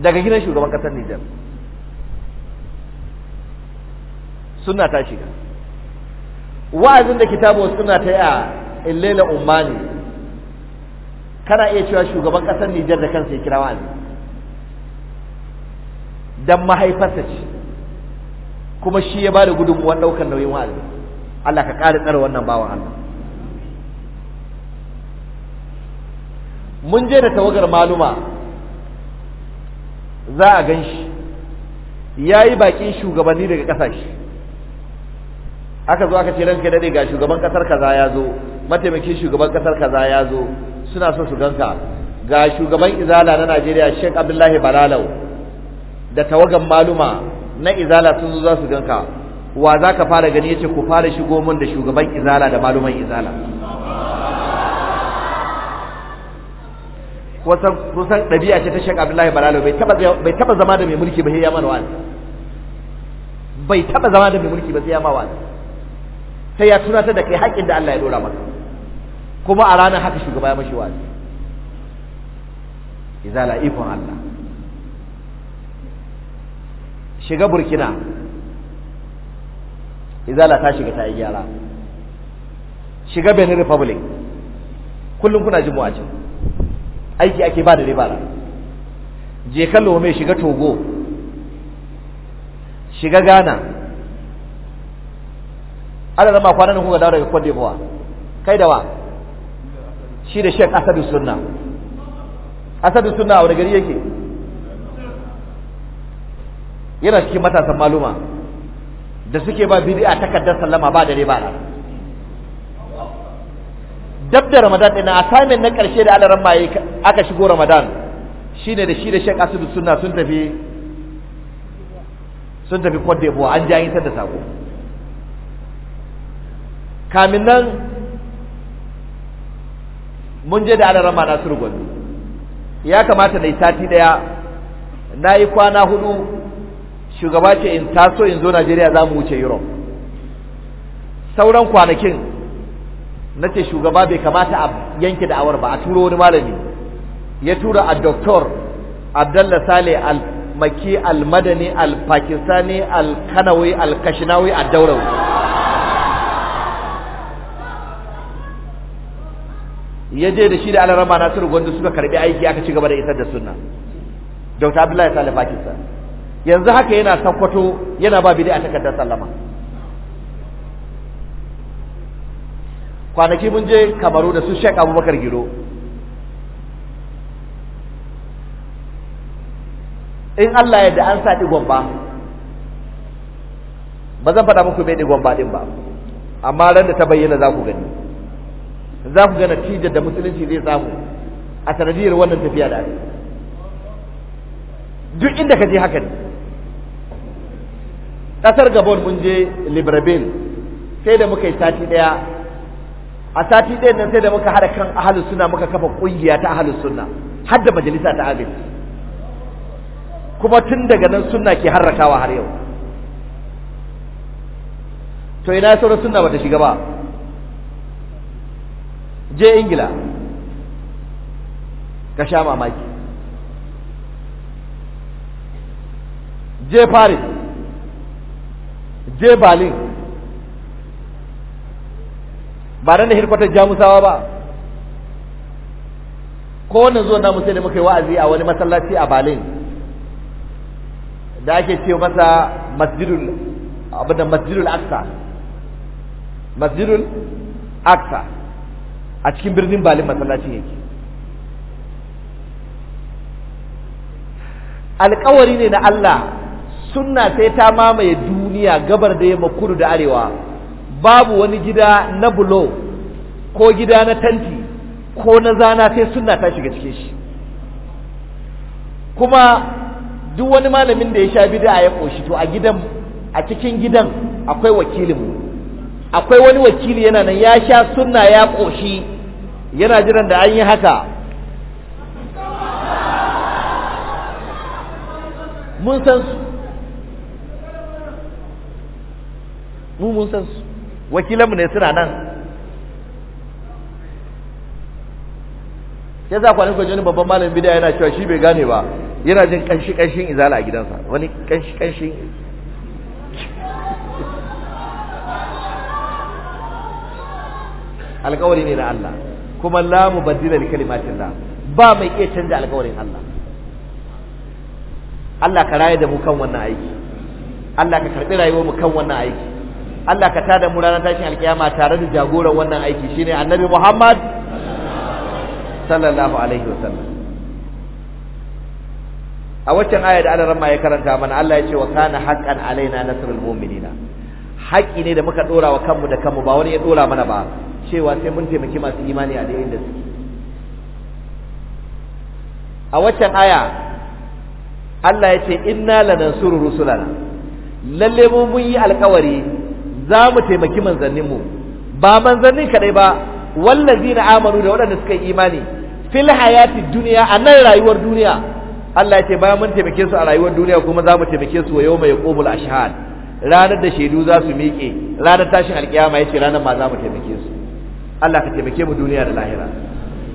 daga gidan shugaban kasar Nijar suna ta shiga wa'azin da kitabu suna ta yi a illela umarni, kana iya cewa shugaban kasar Nijar da kansa ya kira wa'azi don mahaifarsa ce kuma shi ya bada gudunmuwar daukar nauyin wa'azi Allah ka ƙara tsara wannan bawan Allah mun je da tawagar maluma za a gan shi ya yi baƙin shugabanni daga ƙasashe aka zo aka ce ranka dade ga shugaban ƙasar kaza ya zo mataimakin shugaban ƙasar kaza ya zo suna so su ganka ga shugaban izala na najeriya sheikh abdullahi balalau da tawagan maluma na izala sun zo za su ganka wa za ka fara gani ya ce ku fara shigo mun da shugaban izala da maluman izala kusan kusan ɗabi'a ce ta shek Abdullahi Balalo bai taba bai taba zama da mai mulki ba sai ya mana wa'azi bai taba zama da mai mulki ba sai ya ma wa'azi sai ya tunatar da kai haƙƙin da Allah ya dora maka kuma a ranar haka shugaba ya mashi wa'azi izala ikon Allah shiga burkina la ta shiga ta yi gyara shiga benin republic kullum kuna jin mu a cikin. aiki ake ba da ribara je kallo mai shiga togo shiga ghana ana zama kwanan kuka dawo daga cote d'ivoire kai dawa shi da shek asadu sunna asadu sunna a wani gari yake yana cikin matasan maluma da suke ba a takardar sallama ba da ribara dab da Ramadan din a na karshe da alaran maye aka shigo Ramadan shine da shi da Sheikh Asadu Sunna sun tafi sun tafi Cote d'Ivoire an jayin da sako kamin nan mun je da alaran ma Nasiru Gwandu ya kamata na yi sati daya na yi kwana hudu shugaba ce in taso in zo Najeriya za mu wuce Europe sauran kwanakin na ce shugaba bai kamata a yanke da'awar ba a turo wani malami ya tura a doktor abdallah sale al-maki al-madani al-pakistani al-kanawi al-kashinawi a daura ya je da shi da alarama nasiru gwanda suka karbi aiki aka ci gaba da isar da suna dr abdullahi sale pakistan yanzu haka yana sankwato yana ba bidi a takardar sallama kwanaki mun je kamaru da su shek abubakar giro in allah yadda an sa digon ba ba zan faɗa muku mai digon ba ɗin ba amma ran da ta bayyana za ku gani za ku gana natijar da musulunci zai samu a sanadiyar wannan tafiya da ake duk inda ka je haka ne ƙasar gabon mun je libreville sai da muka yi sati ɗaya a sati ɗayan nan sai da muka haɗa kan ahalus suna muka kafa ƙungiya ta ahalus suna. har da majalisa ta abin kuma tun daga nan suna ke harrakawa har yau to ina sauran suna bata shiga ba je ingila ka sha mamaki je paris je berlin ba nan da hirkwatar jamusawa ba ko wannan zuwan na sai muka yi wa'azi a wani masallaci a Berlin da ake ce masa masjidul abin da masjidul aksa masjidul aksa a cikin birnin Berlin masallacin yake alƙawari ne na Allah sunna sai ta mamaye duniya gabar da yamma kudu da arewa babu wani gida na bulo ko gida na tanti ko na zana sai suna ta shiga cikin shi kuma duk wani malamin da ya sha bid'a ya koshi to a gidan a cikin gidan akwai wakilin akwai wani wakili yana nan ya sha sunna ya koshi yana jiran da an yi haka mun san su mu mun san su wakilanmu ne suna nan ya za kwanin kwaje babban malamin bidiyar yana cewa shi bai gane ba yana jin kanshi kanshin izala a gidansa wani kanshi kanshin alkawari ne na Allah kuma lamu la mubaddila li da ba mai iya canza alkawarin Allah Allah ka raye da mu kan wannan aiki Allah ka karɓi rayuwar mu kan wannan aiki Allah ka tada mu ranar tashin alkiyama tare da jagoran wannan aiki shine annabi Muhammad sallallahu alaihi wasallam a waccan aya da Allah ramma ya karanta mana Allah ya ce wa kana haqqan alaina nasrul mu'minina haƙi ne da muka dora wa kanmu da kanmu ba wani ya dora mana ba cewa sai mun taimaki masu imani a daidai da suke a waccan aya Allah ya ce inna lanansuru rusulana lalle mun yi alƙawari za mu taimaki manzanninmu ba manzannin kaɗai ba na amanu da waɗanda suka yi imani fil hayati duniya a nan rayuwar duniya Allah ya ce bayan mun taimake su a rayuwar duniya kuma za mu taimake su wa yau mai yaqumul ashhad ranar da shaidu za su miƙe ranar tashin alkiyama ya ce ranar ma za mu taimake su Allah ka taimake mu duniya da lahira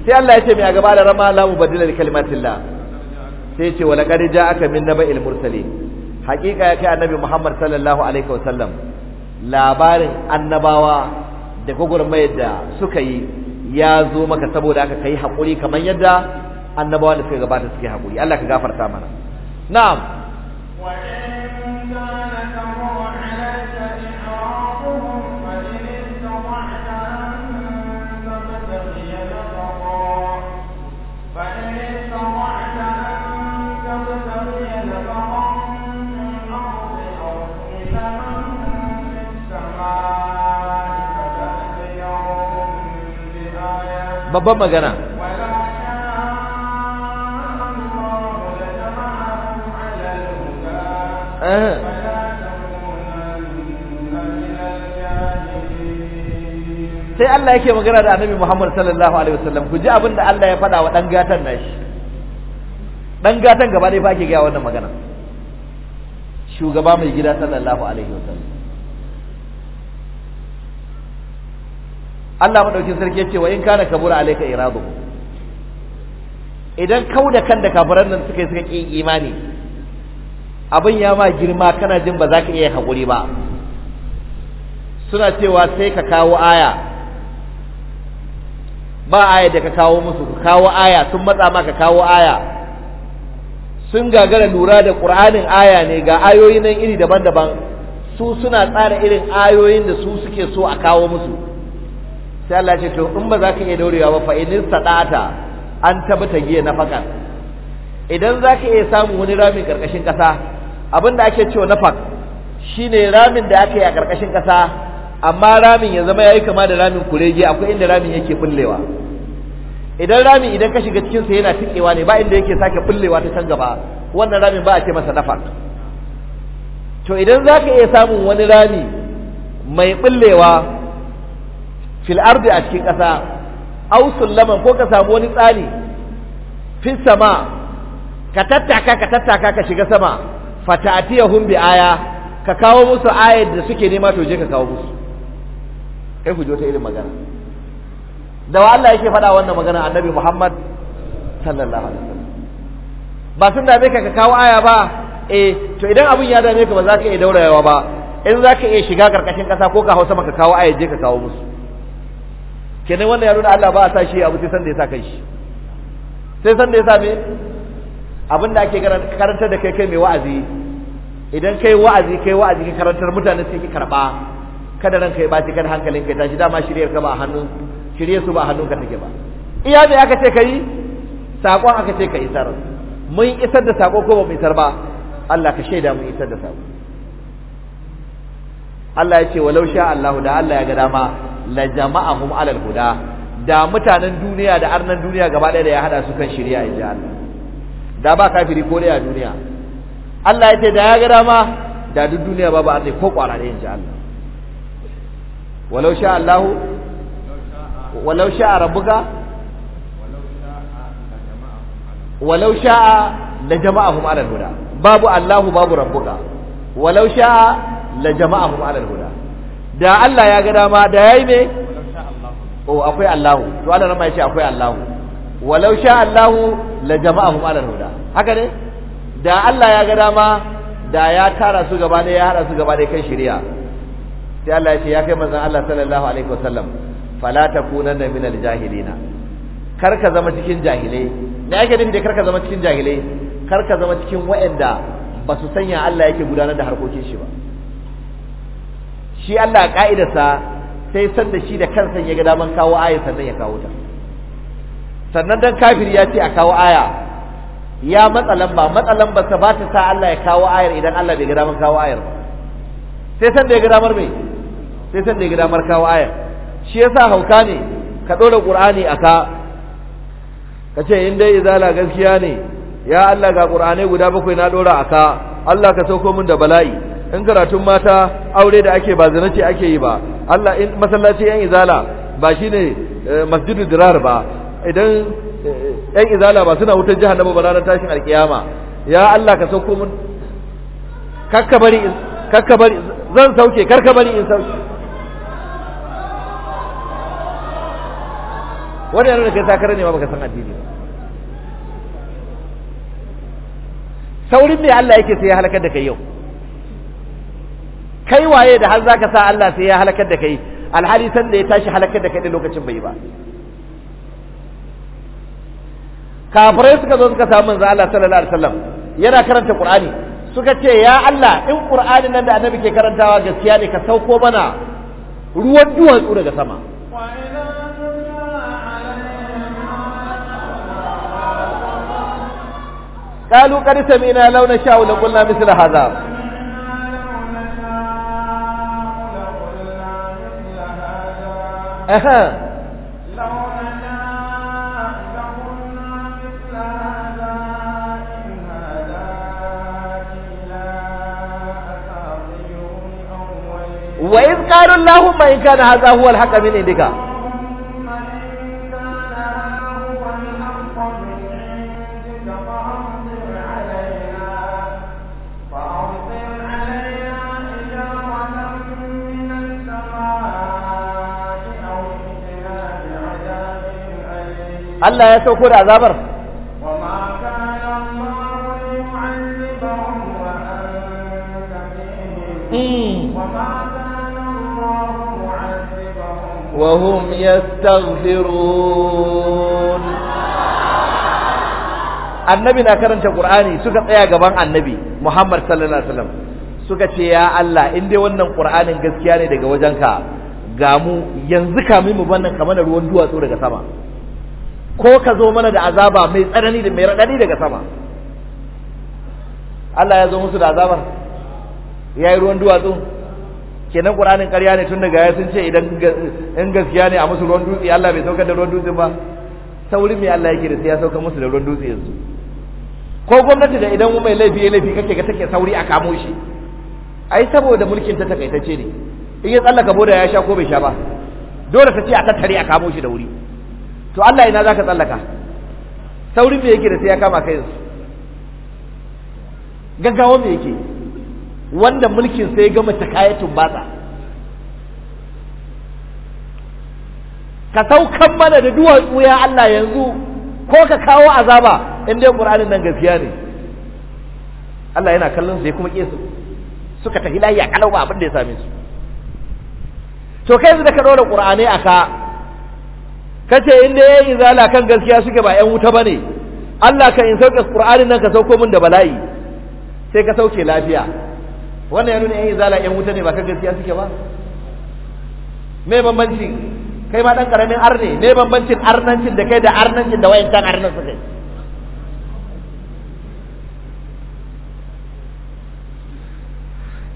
sai Allah ya ce mai a gaba da rama la mubaddila li kalimatillah sai ya ce wa laqad ja'aka min naba'il mursalin haƙiƙa ya kai annabi Muhammad sallallahu alaihi wasallam labarin annabawa da gwagwarmayar da suka yi ya zo maka saboda aka kai haƙuri kamar yadda annabawa da suka gabata suke hakuri. Allah ka gafarta mana na'am babban magana eh. sai Allah yake magana da Annabi Muhammad sallallahu alaihi wasallam ku ji abin da Allah ya faɗa wa dan gatan nashi dan gatan gaba dai fa ke ga wannan magana shugaba mai gida sallallahu alaihi wasallam Allah madaukin sarki yace wa in kana kabura alayka iradu idan kau da kan da kafiran nan suka yi suka ki imani abin ya ma girma kana jin ba za ka iya hakuri ba suna cewa sai ka kawo aya ba aya da ka kawo musu ka kawo aya sun matsa ma ka kawo aya sun gagara lura da qur'anin aya ne ga ayoyi nan iri daban-daban su suna tsara irin ayoyin da su suke so a kawo musu sai Allah ce to in ba za ka iya daurewa ba fa in sadata an tabbata giya na fakan idan za ka iya samu wani ramin karkashin kasa da ake cewa nafak shine ramin da aka yi a karkashin kasa amma ramin ya zama yayi kama da ramin kurege akwai inda ramin yake fullewa idan ramin idan ka shiga cikin sa yana tikewa ne ba inda yake sake fullewa ta can gaba wannan ramin ba a ce masa nafak to idan za ka iya samun wani rami mai bullewa fil ardi a cikin ƙasa aw sullaman ko ka samu wani tsani fi sama ka tattaka ka tattaka ka shiga sama fata'tiyahum bi aya ka kawo musu ayar da suke nema to je ka kawo musu kai ku ji ta irin magana da wa Allah yake faɗa wannan magana annabi Muhammad sallallahu alaihi wasallam ba sun dame ka ka kawo aya ba eh to idan abin ya dame ka ba za ka iya daurayawa ba in za ka iya shiga karkashin ƙasa ko ka hau sama ka kawo aya je ka kawo musu kenan wannan ya nuna Allah ba a sa shi abu sai san da ya sa kai shi sai san da ya sa me abin da ake karantar da kai kai mai wa'azi idan kai wa'azi kai wa'azi ka karantar mutane sai ki karba kada ranka kai baci kada hankalin ka tashi dama shiryar ka ba hannu shirye su ba hannun ka take ba iya me aka ce kai sakon aka ce ka sarar mun isar da sako ko ba mu isar ba Allah ka shaida mun isar da sako Allah ya ce walau sha Allah da Allah ya ga dama la jama'ahum alal huda da mutanen duniya da arnan duniya gaba ɗaya da ya hada su kan shari'a in ji Allah da ba kafiri ko ɗaya duniya Allah ya ce da ya ga dama da duk duniya ba ba arne ko ƙwara ɗaya in ji Allah walau sha Allah walau sha rabbuka walau sha la jama'ahum alal huda babu Allah babu rabbuka walau sha la jama'ahum alal huda da Allah ya ga dama da yayi me o akwai Allahu to Allah rama yace akwai Allahu walau sha Allahu la jama'ahum ala huda haka ne da Allah ya ga dama da ya tara su gaba ɗaya ya hada su gaba ɗaya kan shari'a sai Allah ya ce ya kai manzon Allah sallallahu alaihi wasallam fala takunanna minal jahilina kar ka zama cikin jahilai me ake din da kar ka zama cikin jahilai kar ka zama cikin wa'anda ba su sanya Allah yake gudanar da harkokin shi ba shi Allah ka'idarsa sai san da shi da kansa ya ga daman kawo aya sannan ya kawo ta sannan dan kafiri ya ce a kawo aya ya matsa lamba matsa ba ba ta sa Allah ya kawo ayar idan Allah bai ga daman kawo ayar ba sai san da ya ga damar mai sai san da ya ga damar kawo ayar shi yasa hauka ne ka dora qur'ani aka ka ce in dai izala gaskiya ne ya Allah ga qur'ani guda bakwai na dora aka Allah ka sauko min da bala'i in karatun mata aure da ake ba zina ce ake yi ba Allah in masallaci yan izala ba shine eh, masjidu dirar ba idan eh, yan izala ba suna wutar jahannama ba ranar tashin alkiyama ya Allah ka sauko mun kakka bari kakka bari zan sauke karka bari in sauke wani yana da kai takarar ne ma baka san addini ba saurin me Allah yake sai ya halakar da kai yau kai waye da har zaka sa Allah sai ya halakar da kai alhali san da ya tashi halakar da kai da lokacin bai ba kafirai suka zo suka samu manzo Allah sallallahu alaihi wasallam yana karanta Qur'ani suka ce ya Allah in Qur'anin nan da annabi ke karantawa gaskiya ne ka sauko mana ruwan duwatsu daga sama قالوا قد سمعنا لو نشاء لقلنا مثل هذا أها وإذ قالوا اللهم إن كان هذا هو الحق من عندك Allah ya sauko da azabar hmm. وهم يستغفرون annabi na karanta qur'ani suka tsaya gaban annabi Muhammad sallallahu alaihi wasallam suka ce ya Allah in dai wannan qur'anin gaskiya ne daga wajenka ga mu yanzu ka mu bannan kamar ruwan duwatsu daga sama ko ka zo mana da azaba mai tsanani da mai raɗaɗi daga sama Allah ya zo musu da azabar ya yi ruwan duwatsu kenan ƙuranin ƙarya ne tun daga ya sun ce idan in gaskiya ne a musu ruwan dutse Allah bai saukar da ruwan dutse ba saurin mai Allah yake da sai ya sauka musu da ruwan dutse yanzu ko gwamnati da idan mai laifi ya laifi kake ga take sauri a kamo shi ai saboda mulkin ta takaitacce ne in ya tsallaka boda ya sha ko bai sha ba dole ta ce a tattare a kamo shi da wuri to Allah ina zaka tsallaka saurin me yake da sai ya kama kai yanzu gaggawa me yake wanda mulkin sai ya gama takayatun batsa ka saukan mana da duwan tsuya Allah yanzu ko ka kawo azaba in dai Qur'anin nan gaskiya ne Allah yana kallon sai kuma kesu suka tafi lahiya kalau ba abin da ya same su to kai yanzu da ka dora Qur'ani aka kace in da yayi zala kan gaskiya suke ba ƴan wuta bane Allah ka in sauke Qur'ani nan ka sauko min da bala'i sai ka sauke lafiya wannan ya nuna yayi zala ƴan wuta ne ba kan gaskiya suke ba me bambanci kai ma dan karamin arne me bambancin arnancin da kai da arnancin da wayan kan arnan suke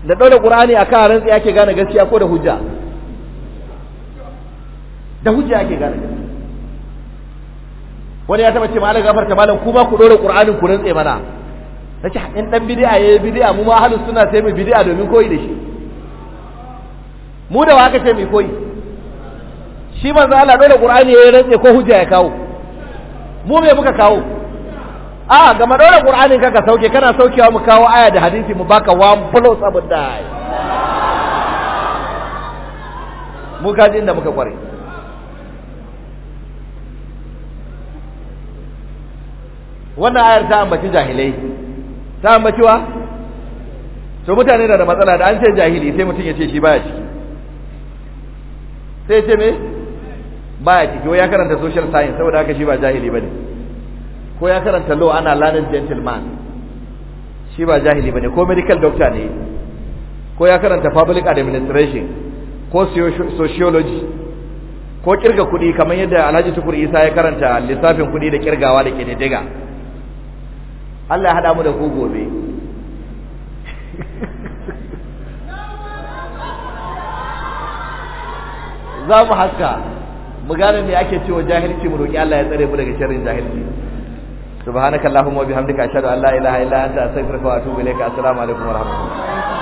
da ɗaure ƙur'ani a kan rantsi ke gane gaskiya ko da hujja da hujja ake gane gaskiya wani ya taba ce malam ta malam ku ba ku dora qur'anin ku rantsa mana nace in dan bid'a yayi bid'a mu ma ahlus suna sai mu bid'a domin koyi da shi mu da wa aka ce mu koyi shi manzo Allah dora qur'ani yayi rantsa ko hujja ya kawo mu me muka kawo a ga ma dora qur'anin kaka sauke kana saukewa mu kawo aya da hadisi mu baka wan plus abin da mu kaji inda muka kware wannan ayar ta ambaci jahilai ta ambaci wa to mutane da da matsala da an ce jahili sai mutum ya ce shi baya ciki sai ce me baya ciki ko ya karanta social science saboda haka shi ba jahili bane ko ya karanta law ana learned gentleman shi ba jahili bane ko medical doctor ne ko ya karanta public administration ko sociology ko kirga kudi kamar yadda Alhaji Tukur Isa ya karanta lissafin kudi da kirgawa da kididdiga Allah ya hada mu da ku gobe za mu haska mu gane ne ake cewa jahilci mu roƙi Allah ya tsare mu daga shirin jahilci subhanakallahumma wa bihamdika ashhadu an la ilaha illa anta astaghfiruka wa atubu ilayka assalamu alaikum wa rahmatullahi